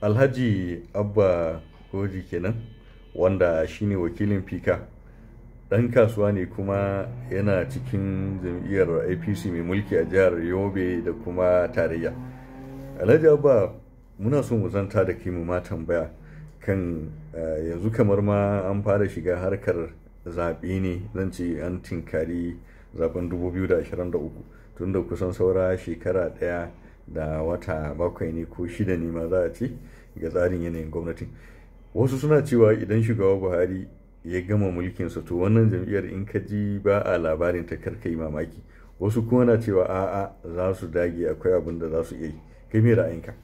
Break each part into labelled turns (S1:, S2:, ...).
S1: alhaji abba goji kenan wanda shine wakilin fika dan kasuwa ne kuma yana cikin jam'iyyar apc mai mulki a jihar yobe da kuma tarayya alhaji abba muna so mu zanta da kai mu ma tambaya kan eh, yanzu kamar ma an fara shiga harkar zaɓe ne zan ce an tinkari zaben 2023 tunda kusan saura shekara ɗaya da wata bakwai ne ko shida ne ma za a ce ga tsarin yanayin gwamnati wasu suna cewa idan shugaba buhari ya gama mulkinsa to wannan jam'iyyar in ka ji ba a labarin ta karkai mamaki wasu kuma na cewa a'a za su dage akwai abin da za su iya yi kai me ra'ayinka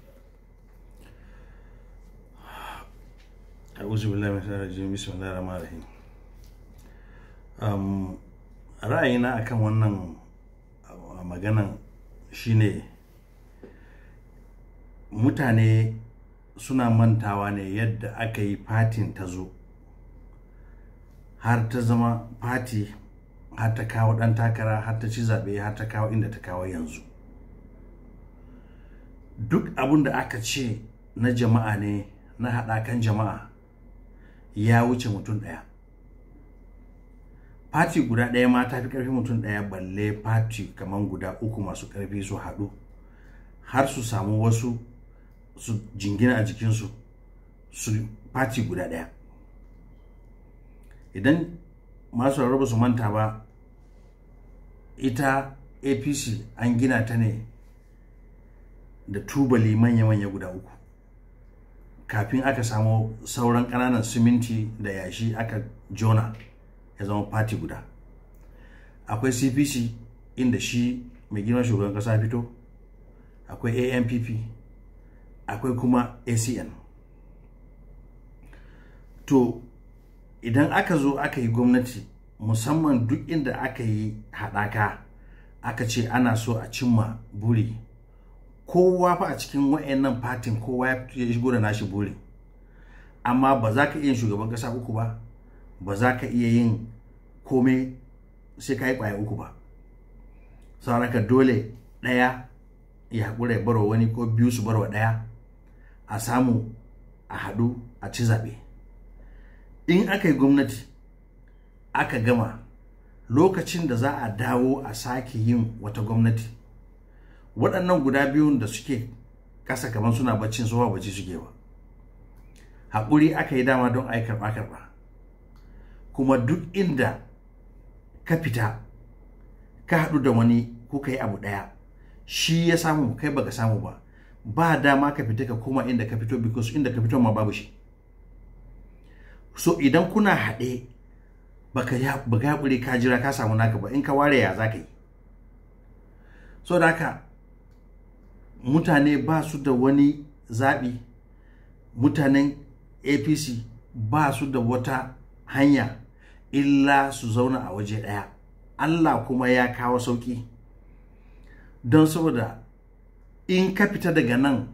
S2: a'udhu billahi min shaitanir rajim bismillahir rahmanir rahim um ra'ayina akan wannan maganan shine mutane suna mantawa ne yadda aka yi fatin ta zo har ta zama fati har ta kawo ɗan takara har ta ci zaɓe har ta kawo inda ta kawo yanzu duk abin da aka ce na jama'a ne na haɗakan jama'a ya wuce mutum ɗaya fati guda ɗaya ma ta fi ƙarfi mutum ɗaya balle fati kamar guda uku masu karfi su haɗu har su samu wasu su jingina a jikinsu su fati guda ɗaya idan masu rarraba su manta ba ita apc an gina ta ne da tubali manya-manya guda uku kafin aka samu sauran ƙananan siminti da yashi aka jona ya zama fati guda akwai cpc inda shi mai girma shugaban ƙasa fito akwai ampp akwai kuma acn to idan aka zo aka yi gwamnati musamman duk inda aka yi haɗaka aka ce ana so a cimma buri kowa fa a cikin wa'annan fatin kowa ya fito ya shigo da nashi buri amma ba za ka iya yin shugaban ƙasa uku ba ba za ka iya yin komai sai ka yi ƙwaya uku ba sauraka dole ɗaya ya haƙura ya baro wani ko biyu su barwa ɗaya a samu a haɗu a ci zaɓe in aka yi gwamnati aka gama lokacin da za a dawo a sake yin wata gwamnati waɗannan guda biyun da suke ƙasa kamar suna baccin zuwa bacci suke ba haƙuri aka yi dama don a yi karɓa-karɓa kuma duk inda ka fita ka haɗu da wani kuka yi abu ɗaya shi ya samu kai baka samu ba ba dama ka fita ka koma inda ka fito because inda ka fito ma babu shi so idan kuna haɗe baka ya baka ka jira ka samu naka ba in ka ware ya zaka yi so da haka mutane ba su da wani zaɓi mutanen apc ba su da wata hanya illa su zauna a waje ɗaya allah kuma ya kawo sauƙi don saboda in ka fita daga nan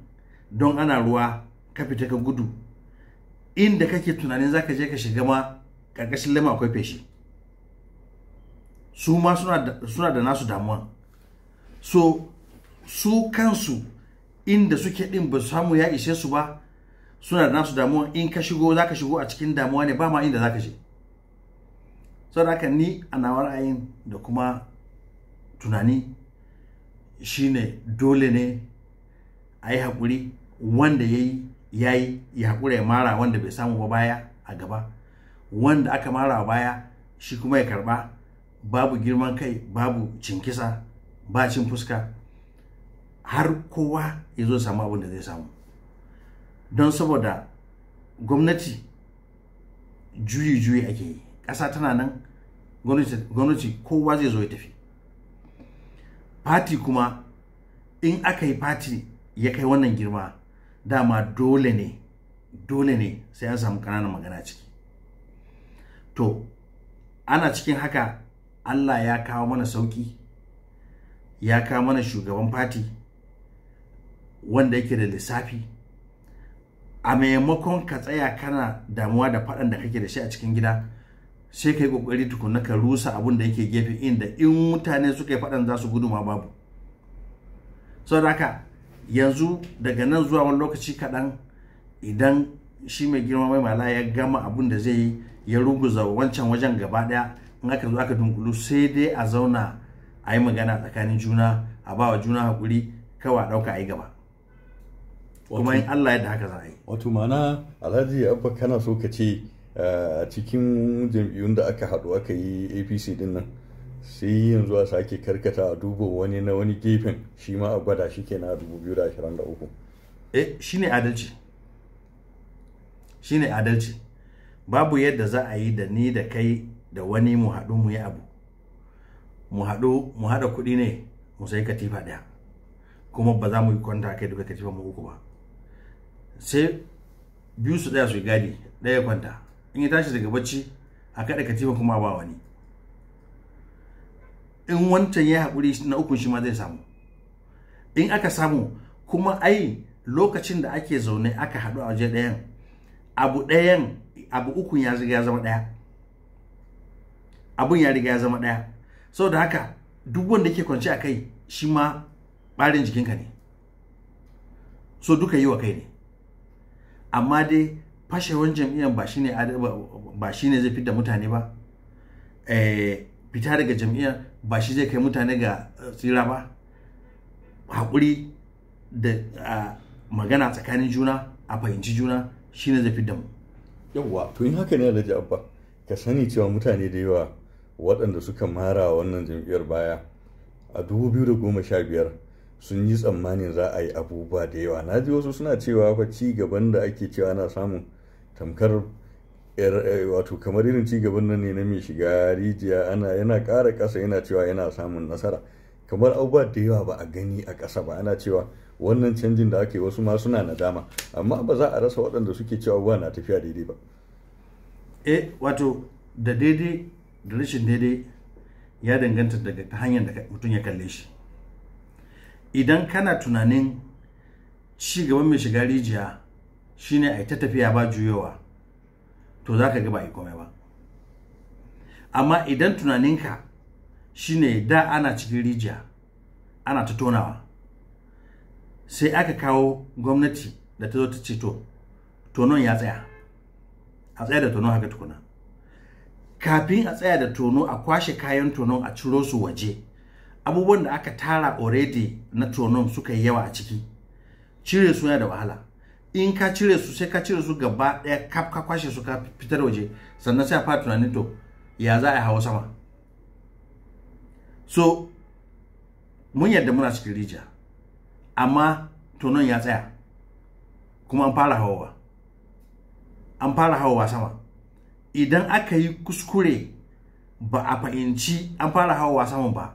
S2: don ana ruwa ka fita ka gudu inda kake tunanin zaka je ka shiga ma karkashin lema akwai feshi su ma suna da nasu damuwa so su kansu inda suke ɗin ba samu ya ishe su ba suna da nasu damuwa in ka shigo za ka shigo a cikin damuwa ne ba ma inda za ka je saboda haka ni a nawar ra'ayin da kuma tunani shine dole ne a yi haƙuri wanda ya yi ya yi ya ya mara wanda bai samu ba baya a gaba wanda aka mara baya shi kuma ya karba babu girman kai babu cinkisa ba cin fuska har kowa ya zo samu abin da zai samu don saboda gwamnati juyi-juyi ake yi ƙasa tana nan gwamnati kowa zai zo ya tafi fati kuma in aka yi fati ya kai wannan girma dama dole ne dole ne sai an samu ƙananan magana ciki to ana cikin haka Allah ya kawo mana sauki ya kawo mana shugaban fati wanda yake da lissafi a maimakon ka tsaya kana damuwa da faɗan da kake da shi a cikin gida sai ka yi kokari tukunna ka rusa abun da yake gefe inda in mutane suka yi faɗan za su gudu ma babu saboda haka yanzu daga nan zuwa wani lokaci kaɗan idan shi mai girma mai mala ya gama abun da zai yi ya ruguza wancan wajen gaba ɗaya in aka zo aka dunkulu sai dai a zauna a yi magana tsakanin juna a ba wa juna hakuri kawai a ɗauka a yi gaba
S1: kuma in allah
S2: yadda haka za a yi
S1: wato ma'ana alhaji abba kana so ka ce a cikin jam'iyyun da aka haɗu aka yi apc din nan sai yanzu a sake karkata a duba wani na wani gefen shi ma a gwada shi ke na 2023
S2: eh shi ne adalci shi ne adalci babu yadda za a yi da ni da kai da wani mu haɗu mu yi abu mu haɗu mu haɗa kuɗi ne mu sai katifa ɗaya kuma ba za mu yi kwanta kai duka katifa mu uku ba sai biyu su ɗaya su gadi ɗaya kwanta in ya tashi daga bacci a kaɗa katifa kuma ba wani in wancan ya haƙuri na ukun shi ma zai samu in aka samu kuma ai lokacin da ake zaune aka haɗu a waje ɗayan abu ɗayan abu ukun ya riga ya zama ɗaya abun ya riga ya zama ɗaya saboda haka duk wanda yake kwance a kai shi ma ɓarin jikinka ne so duka yi wa kai ne amma dai fashewar jam'iyyar ba shine ba shine zai fitar mutane ba eh, fita daga jam'iyyar ba shi zai kai mutane ga eh, tsira ba Hakuri da magana tsakanin juna a fahimci juna shine zai fitar mu yawwa
S1: to in haka ne alhaji abba ka sani cewa mutane da yawa waɗanda suka mara wannan jam'iyyar baya a 2015 sun yi tsammanin za a yi abubuwa da yawa na ji wasu suna cewa fa ci gaban da ake cewa ana samun tamkar er, eh, wato kamar irin cigaban nan ne na mai shiga rijiya ana yana ƙara ƙasa yana cewa yana samun nasara kamar abubuwa da yawa ba a gani a kasa ba ana cewa wannan canjin da ake wasu ma suna nadama amma ba za a rasa waɗanda suke cewa abubuwa na tafiya daidai ba
S2: eh wato da daidai da rashin daidai ya danganta daga ta hanyar da mutum ya kalle shi idan kana tunanin ci gaban mai shiga rijiya shine ai ta tafiya ba juyowa to za ga ba yi komai ba amma idan tunaninka shine da ana cikin rijiya ana ta tonawa sai aka kawo gwamnati da ta zo ta ce to tonon ya tsaya a tsaya da tonon haka tukuna kafin a tsaya da tono a kwashe kayan tonon a ciro su waje abubuwan da aka tara already na tonon suka yi yawa a ciki cire su yana da wahala in ka cire su sai ka cire su gaba ɗaya kaf ka kwashe su ka fitar waje sannan sai a fara tunanin to ya za a hawa sama so mun yadda muna cikin rijiya amma tonon ya tsaya kuma an fara hawa an fara hawa sama idan aka yi kuskure ba a fahimci an fara hawa saman ba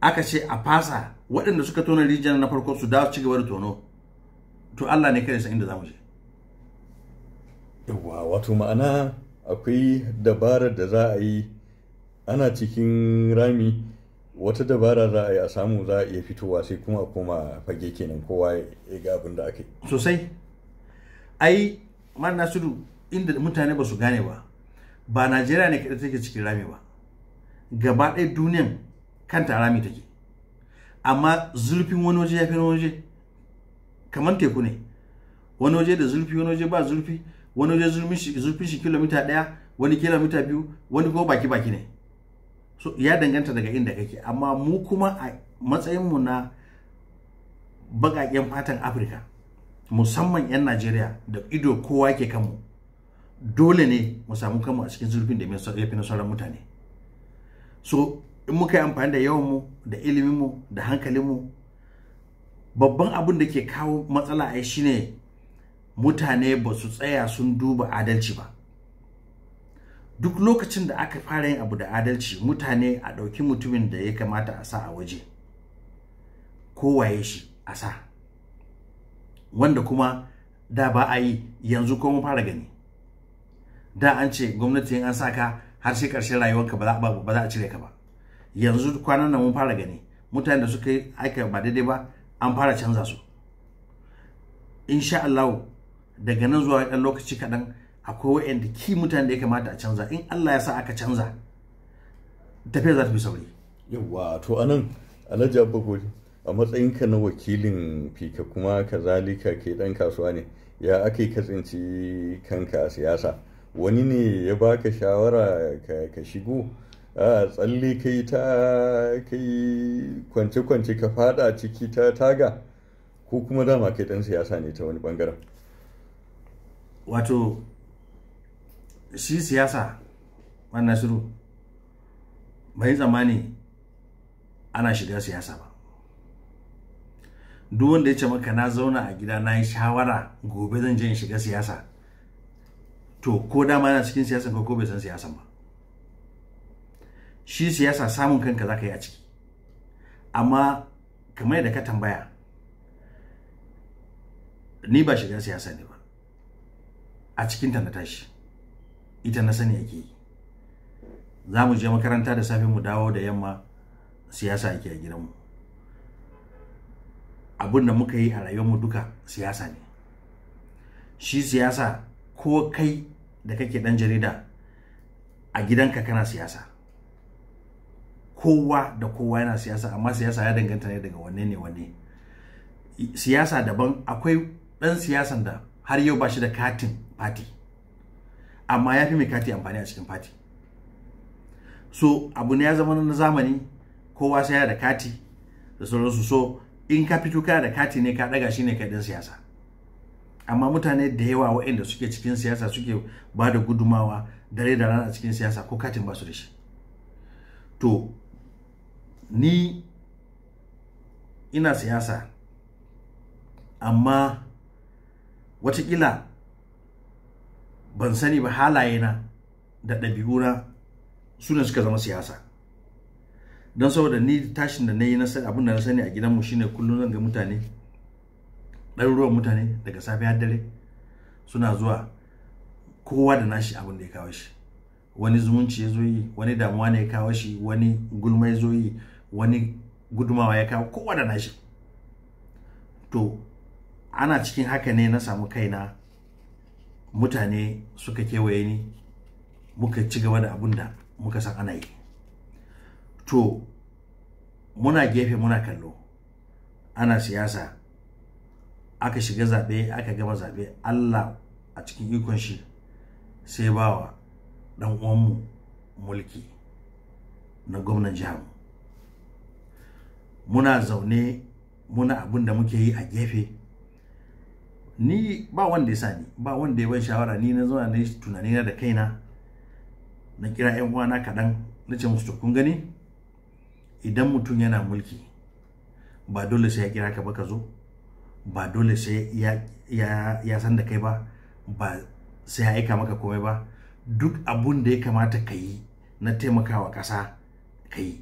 S2: aka ce a fasa waɗanda suka tona rijiyar na farko su dawo ci gaba da tono to Allah ne kai san inda zamu je
S1: yawa wato ma'ana akwai dabarar da za a yi ana cikin rami wata dabara za a yi a samu za a iya fitowa sai kuma a koma fage kenan kowa ya ga abin da aka yi
S2: sosai ai man nasiru inda mutane ba su gane ba ba najeriya ne kaɗai take cikin rami ba gaba ɗaya duniyan kanta rami take amma zurfin wani waje ya fi wani waje kamar teku ne wani waje da zurfi wani waje ba zurfi wani waje zurfin shi kilomita ɗaya wani kilomita biyu wani kuma baki baki ne so ya danganta daga inda kake amma mu kuma a matsayinmu na baƙaƙen fatan afirka musamman 'yan najeriya da ido kowa ke kanmu dole ne mu samu kanmu a cikin zurfin da ya fi na mutane so in muka yi amfani da yawanmu da iliminmu da hankalinmu babban abin da ke kawo matsala ai shine mutane ba su tsaya sun duba adalci ba duk lokacin da aka fara yin abu da adalci mutane a ɗauki mutumin da ya kamata a sa a waje kowaye shi a sa wanda kuma da ba a yi yanzu kuma fara gani da an ce gwamnati yin an sa ka har sai ƙarshen rayuwarka ba za a cire ka ba yanzu kwanan nan mun fara gani mutane da suka yi aika ba daidai ba an fara canza su insha Allah daga nan zuwa ɗan lokaci kaɗan akwai wayanda ki mutane da ya kamata a canza in Allah ya sa aka canza tafiya za ta fi sauri
S1: yawa to anan alhaji abba gori a matsayinka na wakilin fika kuma kazalika ke ɗan kasuwa ne ya aka ka tsinci kanka a siyasa wani ne ya baka shawara ka shigo a tsalle kai ta kai kwance-kwance ka fada ciki ta taga ko kuma dama kai dan siyasa ne ta wani bangaren wato
S2: shi siyasa wannan shiru bai tsammani ana shiga siyasa ba duk wanda ya ce maka na zauna a gida na yi shawara gobe zan je in shiga siyasa to ko dama yana cikin siyasa ko bai san siyasa ba shi siyasa samun kanka zaka yi a ciki amma kamar da ka tambaya ni ba shiga siyasa ne ba a cikin ta na tashi ita na sani ake yi za mu je makaranta da safe mu dawo da yamma siyasa ake a gidanmu abin da muka yi a rayuwarmu duka siyasa ne shi siyasa ko kai da kake dan jarida a gidanka kana siyasa kowa da kowa yana siyasa amma siyasa ya danganta ne daga wanne ne wanne siyasa daban akwai dan siyasan da har yau ba shi da katin fati amma ya fi mai kati amfani a cikin fati so abu ne ya zama na zamani kowa sai ya da kati da sauransu so in ka fito kana da kati ne ka daga shi ne kai dan siyasa amma mutane da yawa waɗanda suke cikin siyasa suke ba da gudumawa dare da rana a cikin siyasa ko katin ba su da shi to ni ina siyasa amma watakila ban sani ba halaye na da ɗabi'una su ne suka zama siyasa don saboda ni tashin da na yi abin da na sani a gidanmu shine kullum zan ga mutane ɗaruruwan mutane daga safe har dare suna zuwa kowa da nashi abin da ya kawo shi wani zumunci ya zo yi wani damuwa ne ya kawo shi wani gulma ya zo yi wani gudumawa ya kawo kowa da nashi to ana cikin haka ne na samu kaina mutane suka kewaye ni muka ci gaba da abun da muka san ana yi to muna gefe muna kallo ana siyasa aka shiga zaɓe aka gama zaɓe allah a cikin ikon shi sai bawa ɗan uwanmu mulki na gwamnan jihar mu. muna zaune muna abin da muke yi a gefe ni ba wanda ya sani ba wanda ya ban shawara ni na zauna na tunani na da kaina na kira yan uwana kaɗan na ce musu kun gani idan mutum yana mulki ba dole sai ya kira ka ba ka zo ba dole sai ya san da kai ba ba sai ya aika maka komai ba duk abun da ya kamata ka yi na taimakawa ƙasa ka yi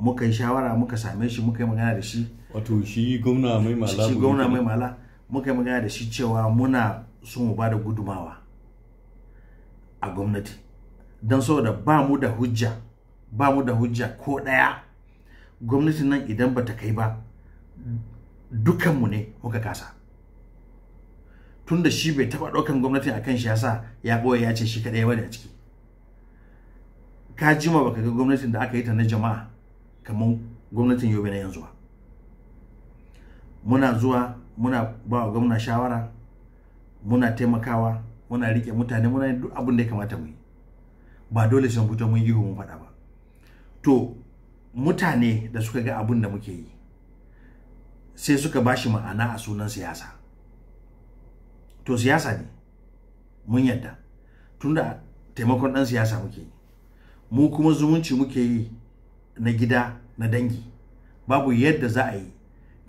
S2: muka yi shawara muka same shi muka yi magana da shi wato shi gwamna mai mala shi gwamna mai mala muka yi magana da shi cewa muna so mu bada gudumawa a gwamnati don saboda ba mu da hujja ba mu da hujja ko ɗaya gwamnatin nan idan ba ta kai ba dukanmu ne muka kasa tunda shi bai taba ɗaukan gwamnatin akan shi yasa ya ɓoye ya ce shi kaɗai ba a ciki ka jima baka ga gwamnatin da aka yi ta na jama'a kamar gwamnatin yobe na yanzu muna zuwa muna ba wa gwamna shawara muna taimakawa muna rike mutane muna duk abin da ya kamata mu yi ba dole sun fito mun yi mu faɗa ba to mutane da suka ga abin da muke yi sai suka bashi ma'ana a sunan siyasa to siyasa ne mun yadda tunda taimakon ɗan siyasa muke yi mu kuma zumunci muke yi na gida na dangi babu yadda za a yi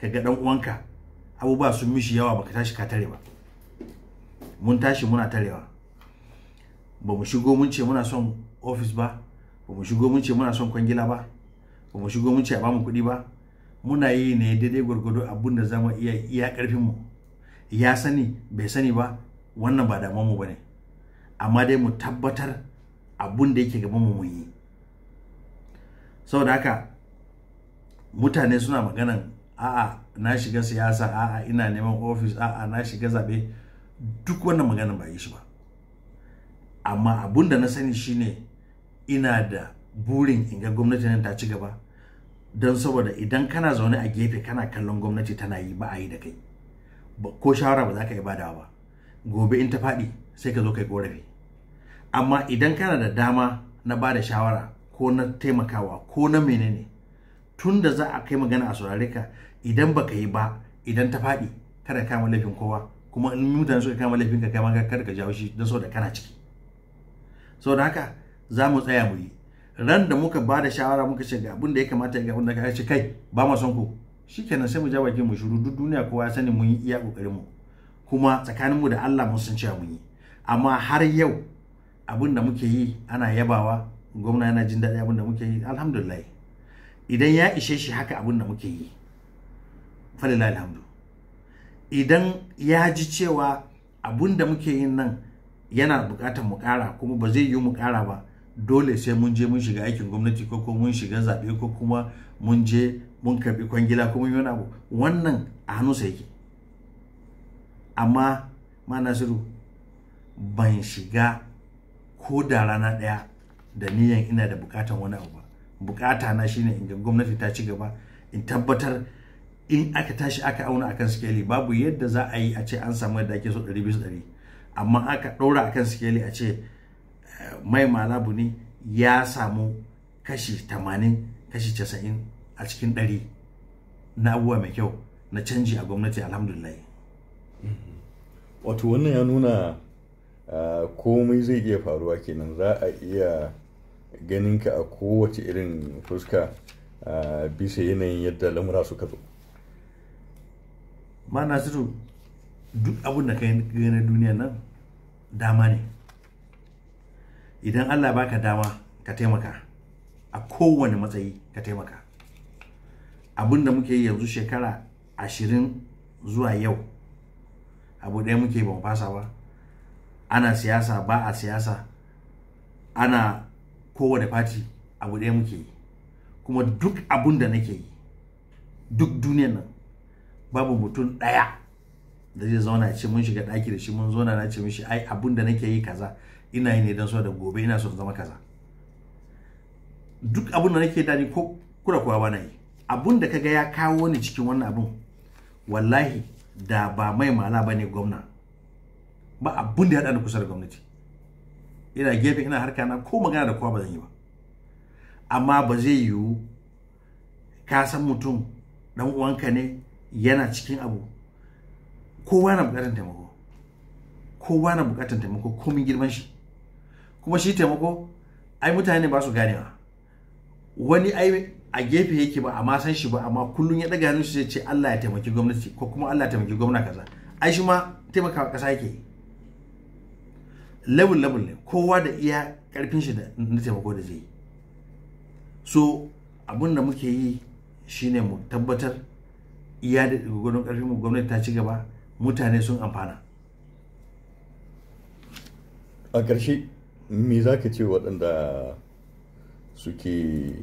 S2: ka ga dan uwanka abubuwa sun mishi yawa baka tashi ka tare ba mun tashi muna tarewa ba mu shigo mun ce muna son ofis ba ba mu shigo mun ce muna son kwangila ba ba mu shigo mun ce a bamu kuɗi ba muna yi ne daidai gwargwado abun da zama iya iya karfin mu ya sani bai sani ba wannan ba damuwar mu bane amma dai mu tabbatar abun da yake gaban mu mun yi saboda haka mutane suna maganan a'a na shiga siyasa a'a ina neman ofis a'a na shiga zabe duk wannan maganan ba yi shi ba amma abun da na sani shine ina da burin inga gwamnati nan ta ci gaba don saboda idan kana zaune a gefe kana kallon gwamnati tana yi ba a yi da kai ko shawara ba za ka yi badawa ba gobe in ta faɗi sai ka zo kai korafi amma idan kana da dama na ba da shawara ko na taimakawa ko na menene tun da za a kai magana a saurare ka idan baka yi ba idan ta faɗi kada kama laifin kowa kuma in mutane suka kama laifin ka kama ka kada ka jawo shi don saboda kana ciki saboda haka za mu tsaya mu yi ran da muka ba da shawara muka ce ga abin da ya kamata ya ga abin da ka ce kai ba mu son ku shikenan sai mu ja bakin mu shiru duk duniya kowa ya sani mun yi iya kokarin mu kuma tsakanin mu da Allah mun san cewa mun yi amma har yau abin da muke yi ana yabawa gwamna yana jin daɗi abin da muke yi alhamdulillah idan ya ishe shi haka abin da muke yi falila alhamdu idan ya ji cewa abin da muke yi nan yana buƙatar mu ƙara kuma ba zai yi mu ƙara ba dole sai mun je mun shiga aikin gwamnati ko kuma mun shiga zaɓe ko kuma mun je mun karɓi kwangila kuma yi wani abu wannan a sa yake amma ma nasiru ban shiga ko da rana ɗaya da niyan ina da bukatan wani abu ba bukata na shine in ga gwamnati ta ci gaba in tabbatar in aka tashi aka auna akan sikeli babu yadda za a yi a ce an samu yadda ake so 200 amma aka ɗora akan sikeli a ce eh, mai malabu ne ya samu kashi 80 kashi 90 a cikin 100 na abubuwa mai kyau na canji a
S1: gwamnati alhamdulillah mm-hmm. wato wannan ya nuna eh, komai zai iya faruwa kenan za a iya ganinka a kowace irin fuska a bisa yanayin yadda lamura suka zo
S2: ma nasiru duk abin da ka yi na duniya nan dama ne idan allah baka dama ka taimaka a kowane matsayi ka taimaka abin da muke yi yanzu shekara ashirin zuwa yau abu ɗaya muke ban fasa ba ana siyasa ba a siyasa ana kowane fati abu ɗaya muke yi kuma duk abun da nake yi duk duniyan nan babu mutum ɗaya da zai zauna ce mun shiga ɗaki da shi mun zauna na ce mishi ai abun da nake yi kaza ina yi ne don so da gobe ina so zama kaza duk abun da nake yi ko kura kuwa bana yi abun da kaga ya kawo ni cikin wannan abun wallahi da ba mai mala ba ne gwamna ba abun da ya da kusa da gwamnati ina gefe ina harka na ko magana da kowa ba zan yi ba amma ba zai yiwu ka san mutum dan uwanka ne yana cikin abu kowa na bukatar taimako kowa na bukatar taimako komin girman shi kuma shi taimako ai mutane ba su ganewa wani ai a gefe yake ba amma san shi ba amma kullun ya daga hannun shi ce Allah ya taimaki gwamnati ko kuma Allah ya taimaki gwamna kaza ai shi ma taimaka kasa yake yi level level ne kowa da iya karfin shi da na taimako da zai so abin da muke yi shine mu tabbatar iya da gudun karfin mu gwamnati ta ci gaba mutane sun amfana
S1: a ƙarshe me za ka ce waɗanda suke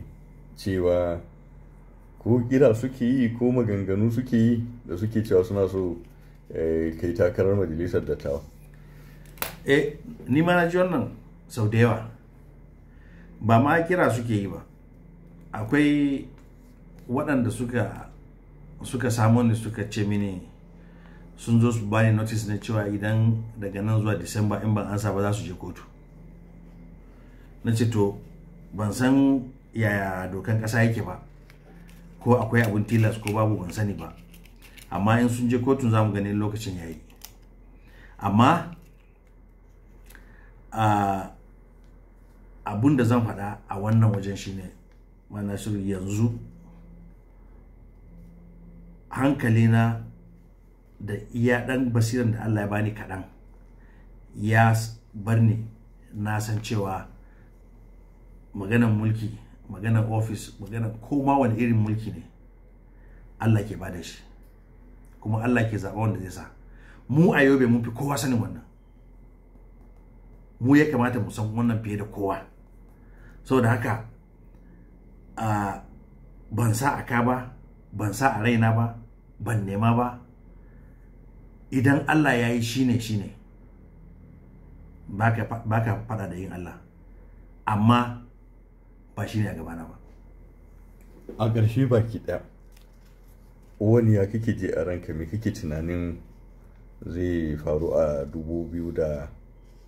S1: cewa ko kira suke yi ko maganganu suke yi da suke cewa suna so eh, kai takarar majalisar dattawa
S2: E, ni ma na ji wannan sau da yawa ba ma kira suke yi ba akwai waɗanda suka suka samu ni suka ce mini sun zo su bani notice na cewa idan daga nan zuwa disamba in ban ansa ba za su je kotu na ce to ban san yaya dokan ƙasa yake ba ko akwai abin tilas ko babu ban sani ba amma in sun je kotun za mu ganin lokacin yayi amma abun da zan faɗa a wannan wajen shine mana shirin yanzu hankalina da iya ɗan basiran da Allah ya bani kaɗan ya bar ni na san cewa maganan mulki maganan ofis maganan koma wani irin mulki ne Allah ke bada shi kuma Allah ke zaba wanda zai sa mu a yobe mun fi kowa sanin wannan mu ya kamata mu san wannan fiye da kowa saboda haka ban sa a ka ba ban sa a raina ba ban nema ba idan Allah ya yi shine shine ba ka fada da yin Allah amma ba shine a gabana ba
S1: a ƙarshe baki ɗaya wani ya kake je a ranka me kake tunanin zai faru a dubu biyu da.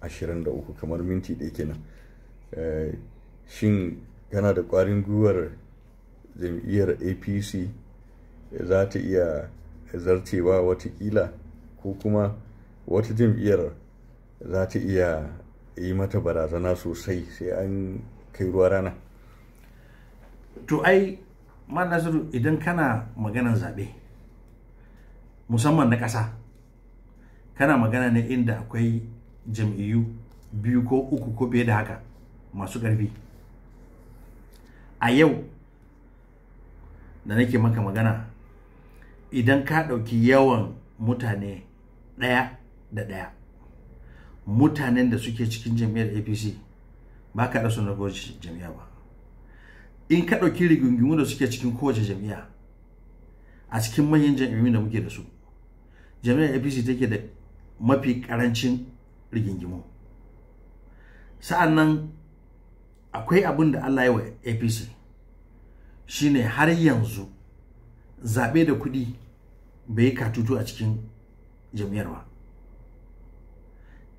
S1: 23 kamar minti ɗaya kenan eh, shin kana da ƙwarin gwiwar jam'iyyar apc za ta iya zartewa watakila ko kuma wata jam'iyyar za ta iya yi mata barazana sosai sai an kai ruwa rana
S2: to ai ma nasiru idan kana maganan zaɓe musamman na ƙasa kana magana ne inda akwai jam'iyyu biyu ko uku ko biyu da haka masu ƙarfi a yau da nake maka magana idan ka ɗauki yawan mutane ɗaya da ɗaya mutanen da suke cikin jam'iyyar apc ba ka ɗasu na goji jam'iyya ba in ka ɗauki rigungumu da suke cikin kowace jam'iyya a cikin manyan jam'iyyu da muke da su jam'iyyar apc take da mafi ƙarancin rigingimu sa'an akwai abin da Allah ya wa APC shine har yanzu zaɓe da kuɗi bai yi katutu a cikin jami'ar ba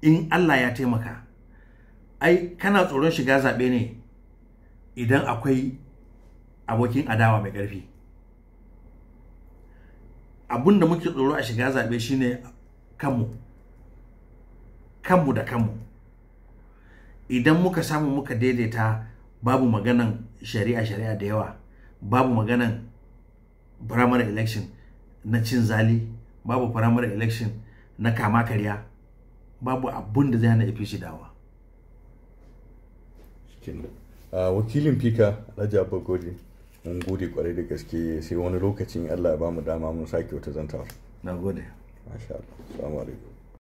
S2: in Allah ya taimaka ai kana tsoron shiga zaɓe ne idan akwai abokin adawa mai ƙarfi abin da muke tsoro a shiga zaɓe shine kanmu kanmu da kanmu idan muka samu muka daidaita babu maganan shari'a shari'a da yawa babu maganan primary election na cin zali babu primary election na kama karya babu abun da zai hana
S1: shi dawa wakilin fika na Jabba gode mun gode kwarai da gaske sai wani lokacin allah ya ba mu dama mun sake wata zantawa na gode masha allah alaikum